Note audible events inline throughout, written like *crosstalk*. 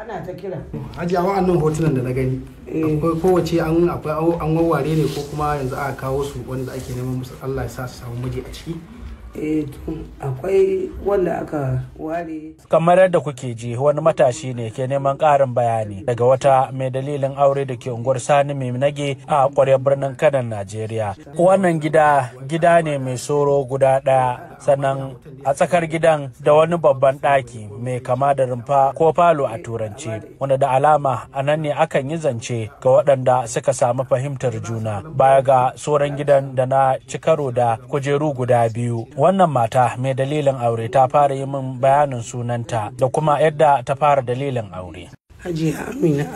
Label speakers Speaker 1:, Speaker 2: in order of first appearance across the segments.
Speaker 1: ana da na gani eh. akwai an akwai an ko kuma yanzu aka kawo su wanda ake kamar yadda kuke ji
Speaker 2: wani matashi ne ke neman ƙarin bayani daga wata mai dalilin aure da ke unguwar sani mai nage a kwarya birnin kanan najeriya wannan gida gida ne mai soro guda ɗaya sannan a tsakar gidan da wani babban ɗaki mai kama da rumfa ko falo a turance wanda da alama a nan ne akan yi zance ga waɗanda suka samu fahimtar juna baya ga sauran gidan da na ci karo da kujeru guda biyu wannan mata mai dalilin aure ta fara yi min bayanin sunanta da kuma yadda ta fara dalilin aure
Speaker 1: Amina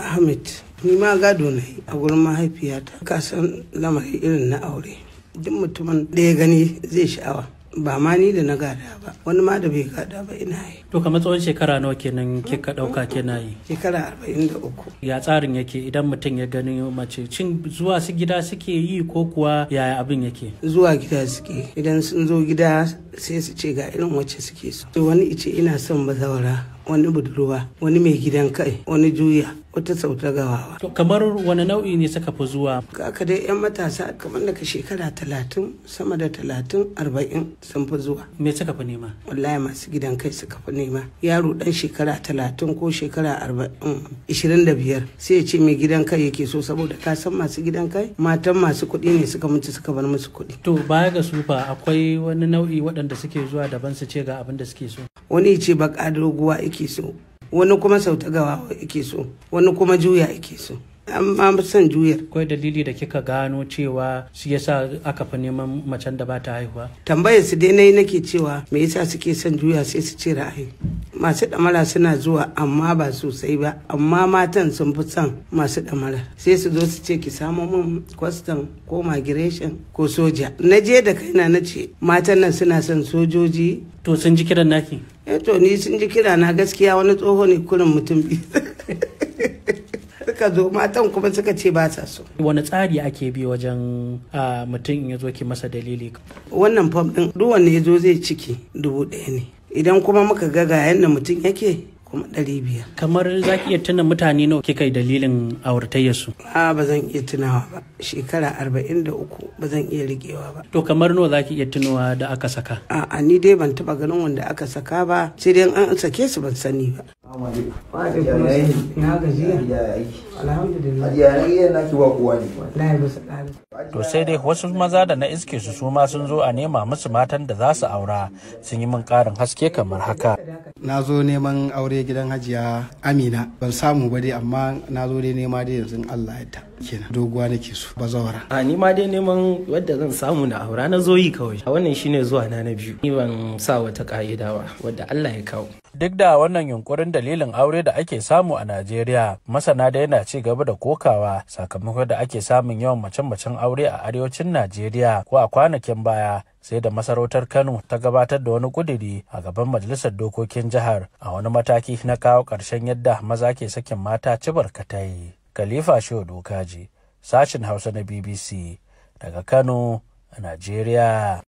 Speaker 1: ni ma gado ne a gurin mahaifiyata kasan lamari irin na aure duk mutumin da ya gani zai sha'awa ba ma ni da na gada ba wani ma da bai gada ba ina
Speaker 2: yi to kamar tsawon shekara nawa kenan kika dauka kina yi shekara 43 ya tsarin yake idan mutum ya gani mace cin
Speaker 1: zuwa su gida suke yi ko kuwa yaya abin yake zuwa gida suke idan sun zo gida sai su ce ga irin wacce suke so wani ice ina son bazawara wani budurwa wani mai gidan kai wani juya wata sauta gawawa. kamar wani nau'i ne suka fi zuwa? Kaka dai 'yan matasa kamar daga shekara talatin sama da talatin arba'in sun fi zuwa. Me suka fi nema? Wallahi masu gidan kai suka fi nema. Yaro dan shekara talatin ko shekara arba'in ishirin da biyar sai ya ce mai gidan kai yake so saboda ka san masu gidan kai matan masu kuɗi ne suka mutu suka bar musu kuɗi.
Speaker 2: To baya ga sufa akwai wani nau'i waɗanda suke zuwa daban su ce ga abin da suke so.
Speaker 1: wani ce baka doguwa yake so wani kuma sauta gawa yake so wani kuma juya ake so an son juyar. Akwai dalili da kika gano cewa shi yasa aka fi neman macen da ba ta haihuwa? Tambayar su dai nayi nake cewa me yasa suke son juya sai su ce ra'ayi. masu ɗamara suna zuwa amma ba sosai ba amma matan sun fi son masu ɗamara sai su zo su ce ki samu min kwastam ko migration ko soja na je da kaina na ce matan nan suna son sojoji to sun ji kiran naki eh to ni sun ji kira na gaskiya wani tsoho ne kurin mutum biyu *laughs* suka zo matan kuma suka ce ba sa so. Wani tsari ake bi wajen mutum ya zo ki masa dalili? Wannan fam ɗin duk wanda ya zo zai ciki dubu ɗaya ne. idan kuma muka ga ga yadda mutum yake kuma ɗari biyar. kamar za ki iya
Speaker 2: tuna mutane nawa kika yi dalilin su.
Speaker 1: a ba zan iya tunawa ba shekara arba'in da uku ba zan iya riƙewa ba. to kamar nawa za ki iya tunawa da aka saka. a ni dai ban taɓa ganin wanda aka saka ba sai dai an sake su ban sani ba. To
Speaker 2: sai dai wasu maza da na iske su suma sun zo a nema musu matan da za su aura sun yi min karin haske kamar haka.
Speaker 1: Na zo neman aure gidan hajiya Amina ban samu ba dai amma na zo dai nema dai yanzu Allah ya ta kenan doguwa nake so bazawara.
Speaker 2: A ni ma dai neman wadda zan samu na aura na zo yi kawai. A wannan shine zuwa na na biyu. Ni ban sa wata ka'ida ba wadda Allah ya kawo. Duk da wannan yunkurin dalilin aure da ake samu a Najeriya, masana da yana ci gaba da kokawa sakamakon da ake samun yawan mace-macen aure a arewacin Najeriya ko a kwanakin baya sai da masarautar Kano ta gabatar da wani ƙudiri a gaban majalisar dokokin jihar a wani mataki na kawo ƙarshen yadda maza ke sakin mata ci barkatai. Khalifa Shehu Dokaji, sashin Hausa na BBC daga Kano a Najeriya.